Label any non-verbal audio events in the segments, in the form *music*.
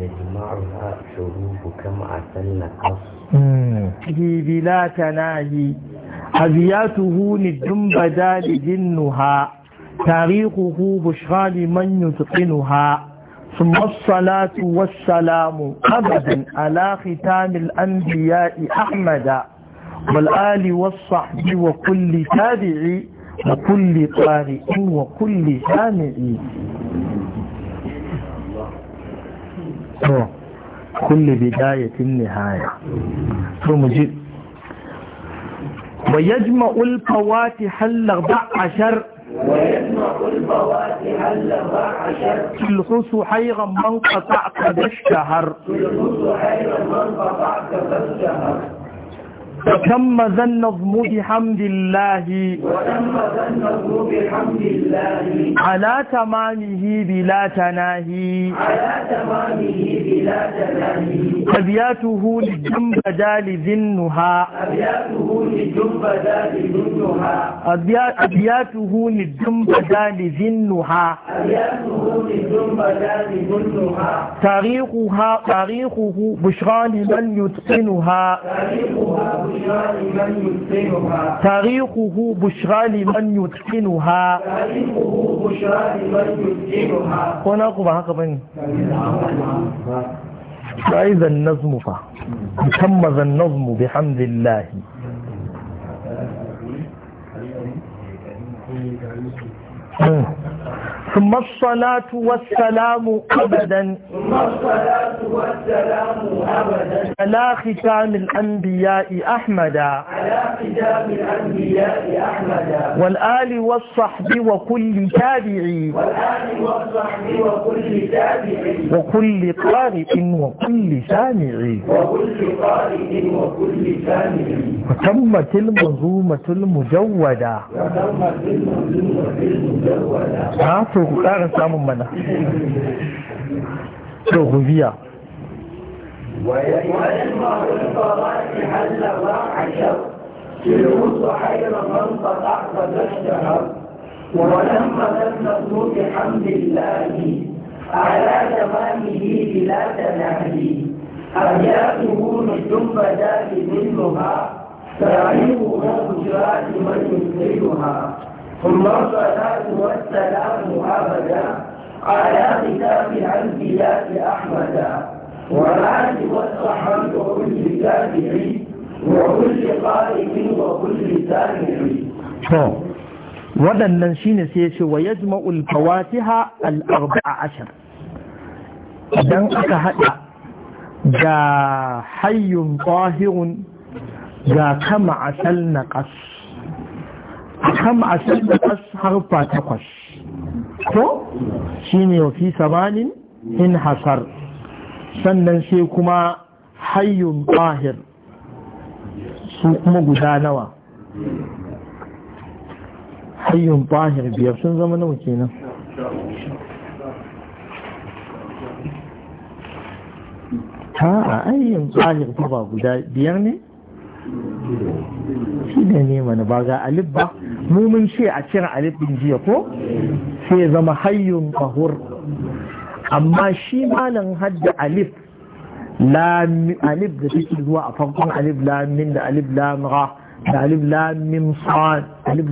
يجمعها حروف كما أسلنا في بلا تناهي أبياته دال جنها تاريخه بشرى لمن يتقنها ثم الصلاة والسلام أبدا على ختام الأنبياء أحمد والآل والصحب وكل تابع وكل قارئ وكل سامع to kulli bidayatin nihaya to mu wa yajma'ul fawatiha ويجمع الفواتح الأربع عشر تلخص حيرا من قطعت فاشتهر تلخص حيرا من قطعت فاشتهر وتم ذا النظم بحمد الله وتم النظم بحمد الله على تمامه بلا تناهي على تمامه بلا تناهي أبياته للجنبدا لذنها أبياته للجنبدا لذنها أبياته للجنبدا لذنها أبياته للجنبدا لذنها تاريخها تاريخه بشرى لمن يتقنها تاريخها تاريخه بشرى لمن يتقنها وانا اقوى هكا قبل فاذا النظم فا تمز النظم بحمد الله اه. ثم الصلاة والسلام أبدا ثم الصلاة والسلام أبدا على ختام الأنبياء أحمدا على ختام الأنبياء أحمدا والآل والصحب وكل تابعي والآل والصحب وكل تابعي وكل قارئ وكل سامعي وكل قارئ وكل سامعي وتمت المنظومة المجودة وتمت المنظومة المجودة ku ƙara samun mana to ku biya ويجمع الفرائح حير من قطع فتشتهر ولما نفسه بحمد الله على تمامه بلا تنهي أبياته نجم ذات منها تعيبها بشرات من يسرها ثم صلاة والسلام أبدا على كتاب الأنبياء أحمد والعاد والرحمة كل تابع وكل قائم وكل سامع waɗannan ne sai ya ce ma'ul kawati ha al'arba a ashir don aka haɗa ga hayyun ƙwahirun ga kama asal na naqas kam a sanda kas harfa takwas ko shine wa fi sabanin in hasar sannan sai kuma hayyun tahir su kuma guda nawa hayyun tahir biyar sun zama nawa kenan ha a ayyin tahir ba guda biyar ne shi ne ne mana ba ga alif ba mu mun ce a cire alif din jiya ko sai zama hayyun kahur amma shi malam hadda alif alif da take zuwa a farkon alif min da alif lamra da alif min sad alif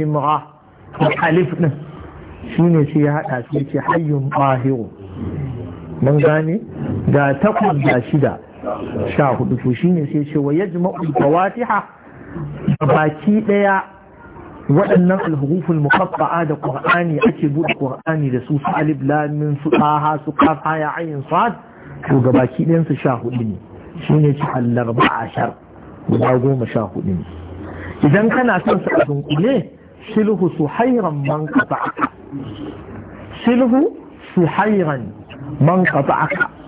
min ra alif din shi ne sai ya hada shi ce hayyun qahiru mun gane ga takwas da shida sha hudu to shine sai ce wa yajma'u fawatiha baki daya waɗannan alhuruful muqatta'a da qur'ani ake buɗe qur'ani da su su alif lam min su taha su qaf ya ayin sad to gabaki ɗayan su sha hudu ne shine ci al-arba ashar guda goma sha hudu ne idan kana son su a dunkule silhu hairan man qata'aka silhu suhairan man qata'aka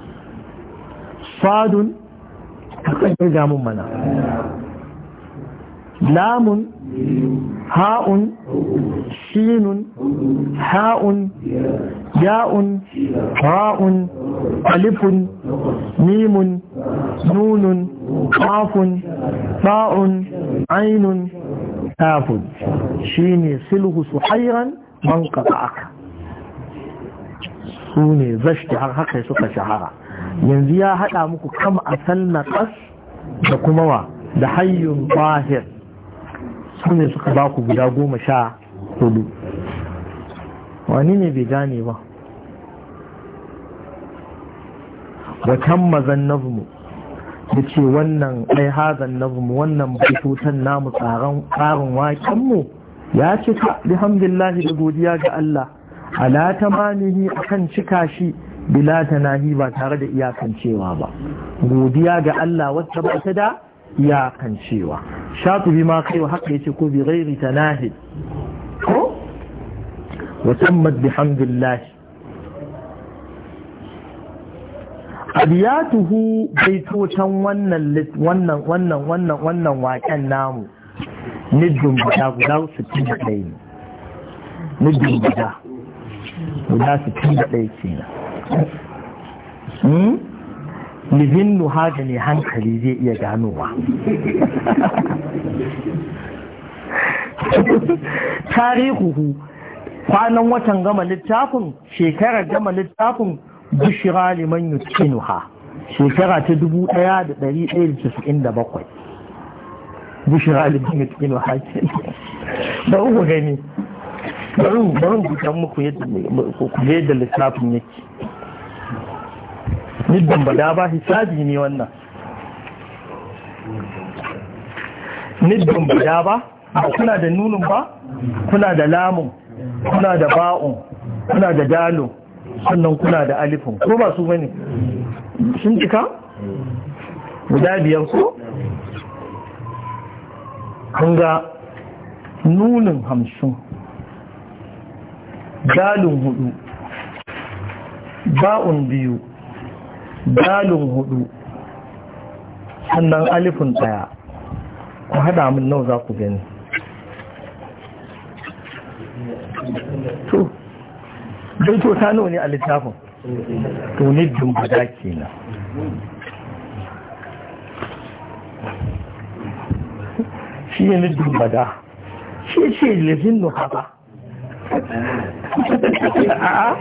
Fadun, kakar mana lamun ha'un shinun ha'un ya'un ra'un alifun mimun nunun kafun ba'un ainun kafun shine silhu suhairan man aka. su ne zashti har haka suka shahara yanzu ya haɗa muku kam a sanna ƙas da kuma wa da hayyun ƙwahir su ne suka ba ku guda goma sha hudu wani ne bai gane ba watan mazan nazmu da ce wannan ai hazan nazmu wannan baitutan namu tsarin wakenmu ya ce cika bihamdillahi da godiya ga Allah ala tamanihi akan cika shi bila nahi ba tare da iyakancewa ba godiya ga Allah wacce ba ta da iyakancewa shatubi ma kai haka yace ko bi ghairi tanahi ko wa tammat bihamdillah abiyatuhu baitotan wannan wannan wannan wannan wannan waken namu nijin guda guda 61 ne nijin guda 61 kenan Hmm? lizinnu haka ne hankali zai iya ganowa tarihuhu kwanan watan gama littafin shekarar gama littafin bishira liman ha shekara ta 1197 bishira liman ha ce da uku gani bari bari gudan muku yadda littafin yake niddan ba da ba hisabi ne wannan niddan ba da ba kuna da nunun ba kuna da lamun kuna da ba'un kuna da dalun sannan kuna da alifin ko ba su bane sun cika guda biyar ko Kunga nunin hamsin dalin hudu ba'un biyu dalin hudu sannan alifin daya ku hada min nau za ku gani to dai to ta ne a littafin to niddin ke kenan shi ne niddin guda shi ce lafin nuka ba *laughs*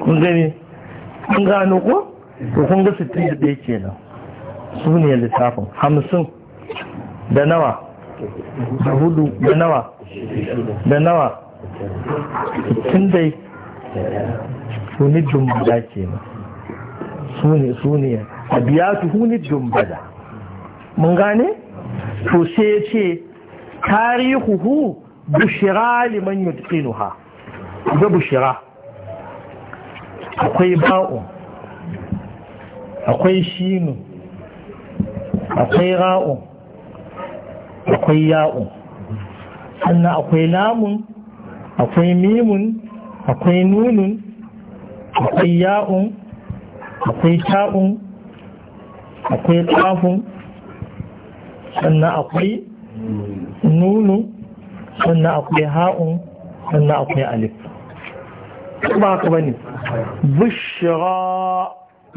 *laughs* kun gani kun gano ko to kun ga 61 kenan su ne lissafin hamsin da nawa da hudu da nawa da nawa tun dai suni su ne su ne a biya tuhuni dumbada mun gane to sai ce tarihuhu bushira liman ha, ga bushira akwai ba'u akwai shinu akwai ra'u akwai ya'u sannan akwai lamun akwai mimun akwai nunun akwai ya'un akwai ta'un akwai ƙafun sannan akwai nunu sannan akwai ha'un sannan akwai alif ba haka bane bushra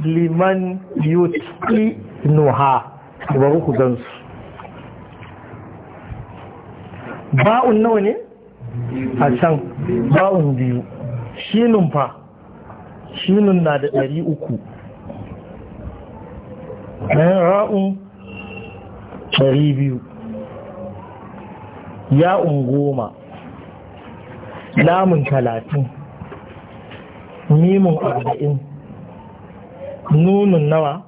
liman yutqi nuha ba ruku gan su ba'un nawa ne a can ba'un biyu shinun fa shinun na da ɗari uku ɗan ra'un ɗari biyu ya'un goma lamun talatin mimun arba'in nunun nawa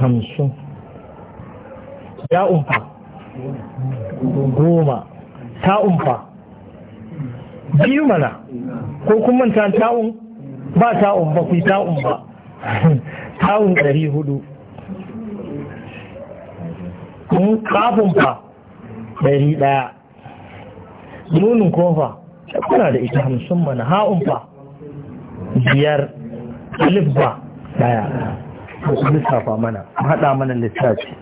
hamsin ya umfa goma ta umfa biyu mana ko kun manta ta'un ba ta'un ba ku ta'un ba *laughs* ta'un ɗari hudu kafin fa ɗari ɗaya nunin kofa kuna da ita hamsin mana ha'un fa biyar alif ba daya da lissafa mana haɗa mana littafi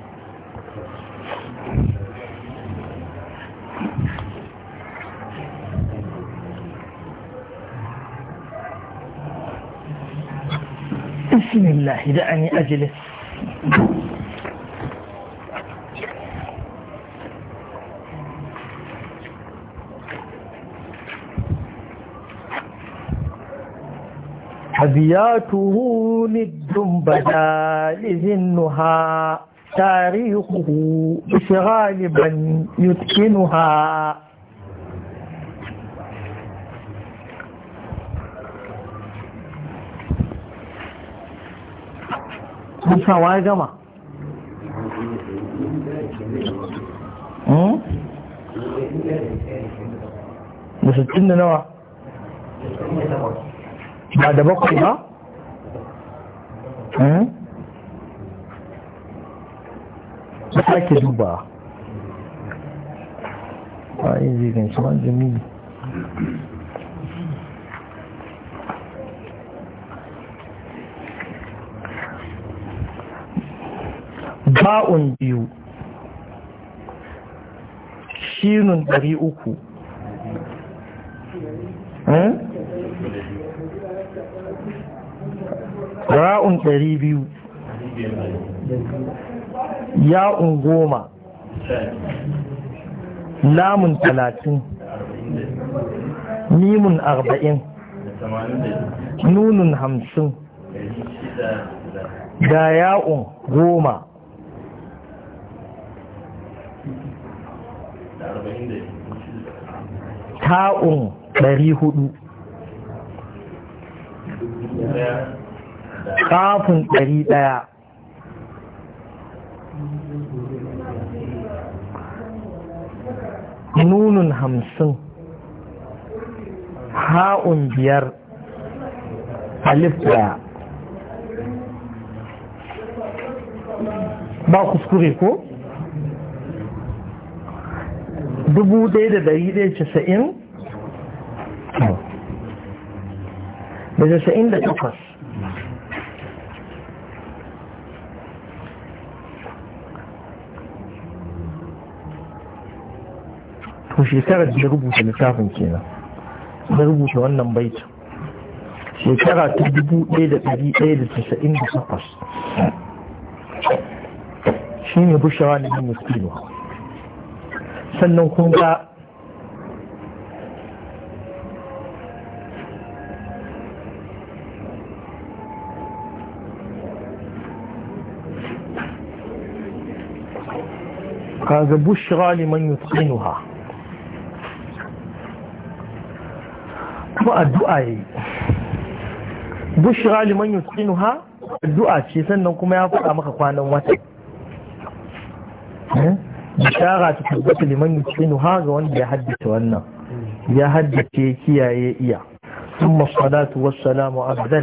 بسم الله دعني أجلس أبياته ند بدال ذنها تاريخه بشغال من يتقنها musawa gama da sittin da nawa ba da bakwai ba? ta hmm? sake duba ba yi zirin su wani jimini ba'un biyu shinun ɗari uku hmm? ra'un ɗari biyu ya'un goma lamun talatin Nimun arba'in nunun hamsin da ya'un goma ta'un ɗari hudu kafin ɗari ɗaya nunun hamsin ha'un biyar alif ɗaya ba kuskure ko? dubu ɗaya da ɗari ɗaya casa'in da zasa'in da ƙafas to shekarar da rubuta littafin kenan da rubuta wannan baita, shekara ta dubu ɗaya da ɗari ɗaya da tasa'in da takwas shi ne bushewa na yin sannan kun kaga bushra liman ha, kuma addu'a yi bushira liman ha addu'a ce sannan kuma ya faɗa maka kwanan wata bishara ta tabbata liman ha ga wanda ya haddace wannan ya haddace kiyaye iya ثم الصلاة والسلام أبدا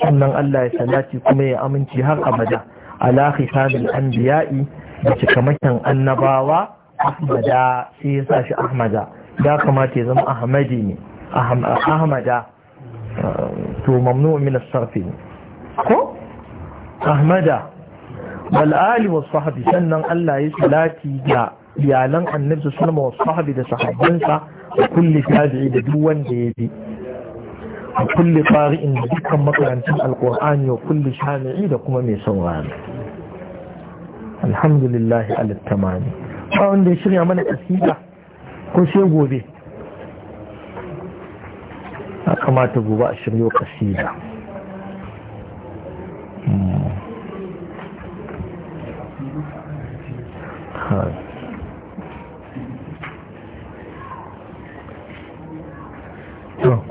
sannan Allah ya salati kuma ya aminci har abada ala khitamil anbiya'i da cikamakin annabawa ahmada sai ya sa shi ahmada ya kamata ya zama ahmadi ne ahmada to mamnu min as-sarfi ko ahmada wal ali was sahbi sannan Allah ya salati ga iyalan annabi sallallahu alaihi wasallam da sahabbansa da kulli tabi'i da duk wanda ya bi a kulli qari'in da dukkan makarantar alqur'ani wa kulli shami'i da kuma mai sauraro alhamdulillahi alittamani ba wanda ya shirya mana kasida ko sai gobe a kamata gobe a shirya kasida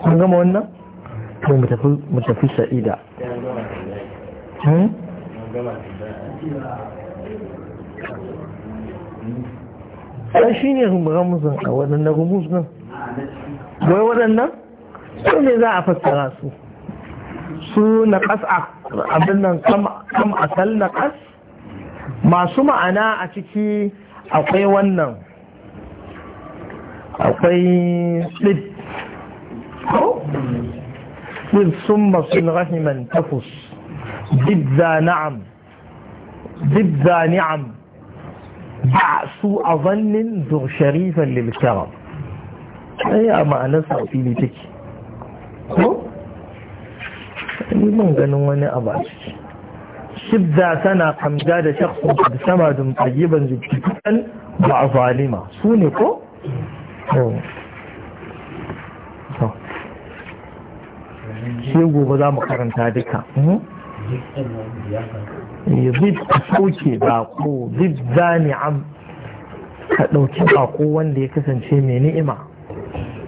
kun gama wannan? to mu tafi sa'ida ai shi ne ramuzin a waɗannan rumuz nan wai waɗannan su ne za a fassara su su na ƙas abin nan kam asal na ƙas masu ma'ana a ciki akwai wannan akwai ɗid ɗid sun masu rahiman tafus dibza na'am dibza ni'am ba su a zannin zur sharifan lilkaram ai a ma'anar sa fili take ko ni ban ganin wani abu a shibda tana kamja da shakhsun da sama dum tayyiban zukitan ba zalima su ne ko shi gobe za mu karanta duka hmm? zid ka sauke bako zid zani'am ka ɗauki bako wanda ya kasance mai ni'ima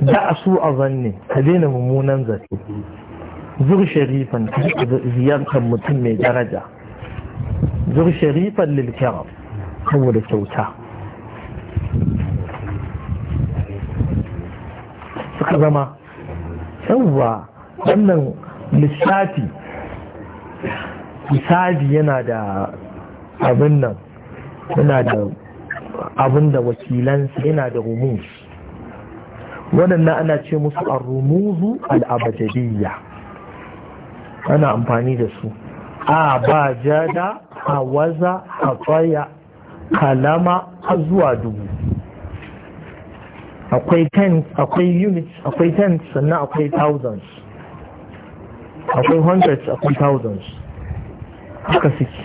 da a su a zanne ka daina mummunan zato zur sharifan ziyartar mutum mai daraja zur sharifan lilkiram saboda kyauta suka zama yawwa wannan lissafi misali yana da abin nan yana da abin da wakilansa yana da rumus waɗannan ana ce musu a rumuzu al'abajadiyya ana amfani da su a ba jada a waza a tsaya kalama a zuwa dubu akwai tens akwai units akwai tens sannan akwai thousands akwai hundreds akwai thousands haka suke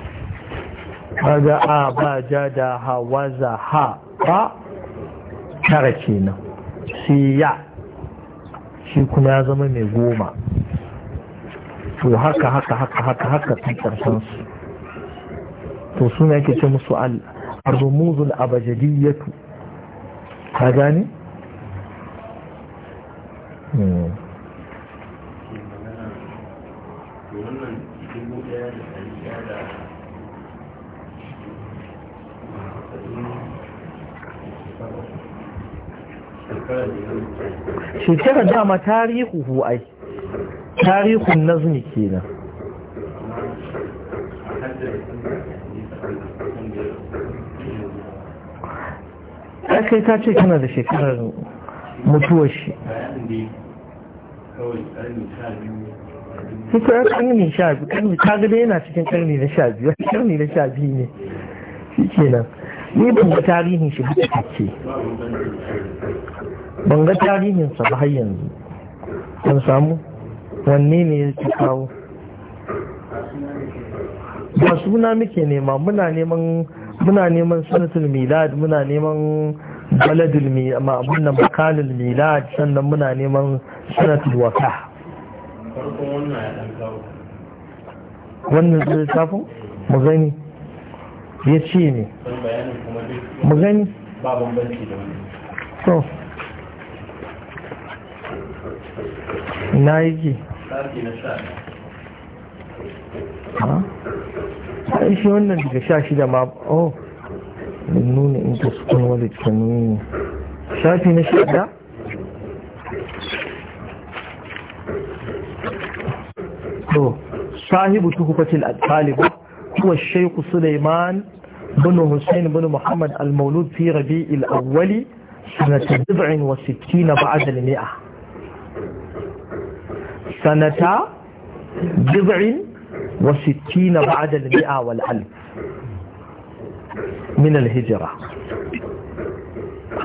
ba a ba ja da ha za ha ba tara ce nan shi kuma ya zama mai goma to haka haka haka haka haka tun ƙarshen su to suna yake ce musu al-rumuzul abajadiyatu ka gane? Hmm. Shekarar dama tarihu hu'ai tarihun nazmi kenan kai ta ce kana da shekarar mutuwar shi kuka ya karni sha biyu karni ta gada yana cikin karni na sha biyu karni na sha biyu ne shi ke nan ni ban ga tarihin shi haka take ban ga tarihin sa ba har yanzu kan samu wanne ne ya ci kawo ba suna muke nema muna neman muna neman sanatul milad muna neman baladul milad milad sannan muna neman sanatul waka wannan zai tafi mu gani ya ce ne mu gani ba bambanci da wani so na yi ha? a shi wannan daga sha shida ma oh nuna in ta sukun wadda cikin nuna shafi na shida صاحب تهفة الأطالب هو الشيخ سليمان بن حسين بن محمد المولود في ربيع الأول سنة بضع بعد المئة سنة بضع بعد المئة والألف من الهجرة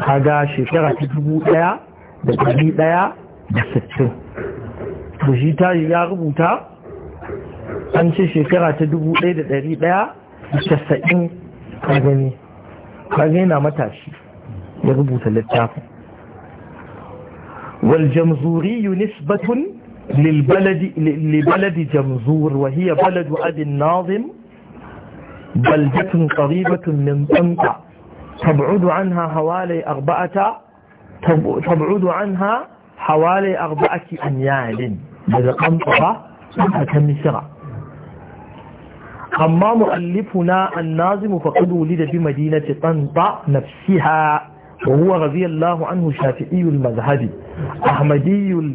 هذا شكرة تجبو ديا دقبي ديا دستن بجيتا يغبوتا an ce shekara ta dubu ɗaya da ɗari ɗaya da casa'in ka gani ka yana matashi ya rubuta littafin والجمزوري نسبة للبلد لبلد جمزور وهي بلد أبي الناظم بلدة قريبة من طنطا تبعد عنها حوالي أربعة تبعد عنها حوالي أربعة أميال بذا قنطرة كمسرة أما مؤلفنا الناظم فقد ولد بمدينة طنطا نفسها وهو رضي الله عنه شافعي المذهب أحمدي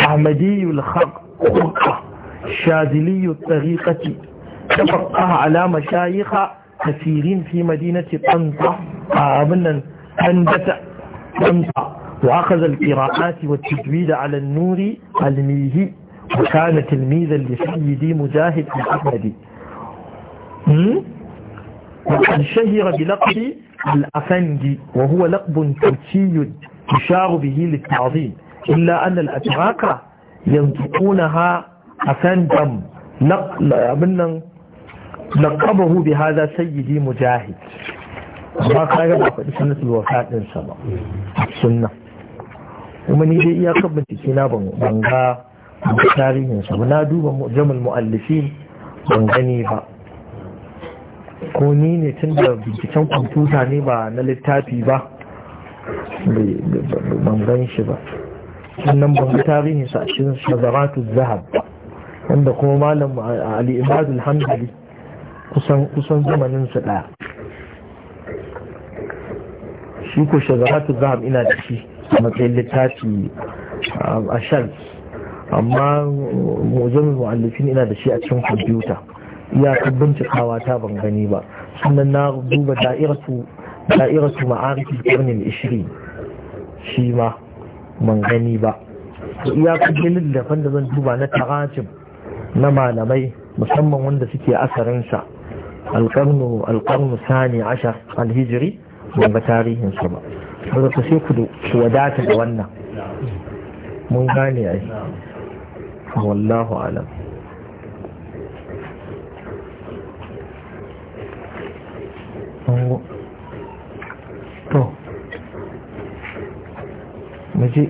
أحمدي الخلق شاذلي الطريقة تفقه على مشايخ كثيرين في مدينة طنطا أظن آه، هندسة طنطا وأخذ القراءات والتجويد على النور الميهي وكان تلميذا لسيدي مجاهد الأحمدي Hmm? وقد شهر بلقب الأفندي وهو لقب تركي يشار به للتعظيم إلا أن الأتراك ينطقونها أفندم لقبه بهذا سيدي مجاهد ba ka ga ba faɗi sunnatul wafa din a ba sunna kuma ni dai iya kan bincike na ban ban ga tarihin sa na duba muallifin ban gani ba ko ni ne tun da binciken kwamfuta ne ba na littafi ba ban gan shi ba sannan ban ga tarihin sa cikin shazaratu zahab wanda kuma malam ali ibadul alhamdali kusan kusan zamanin sa daya shi ko shazaratu zahab ina da shi a matsayin littafi a shan amma mujamul mu'allifin ina da shi a cikin kwamfuta iyakar bincikawa ta ban gani ba sannan na duba da'iratu ma'arifin karnin ishirin shi ma ban gani ba Ya dalil da da zan duba na tarajim na malamai musamman wanda suke asarinsa alƙarnu alƙarnu sani ashar alhijiri ban ga tarihinsu ba saboda ku sai ku wadata da wannan mun gane ai wallahu alam と無事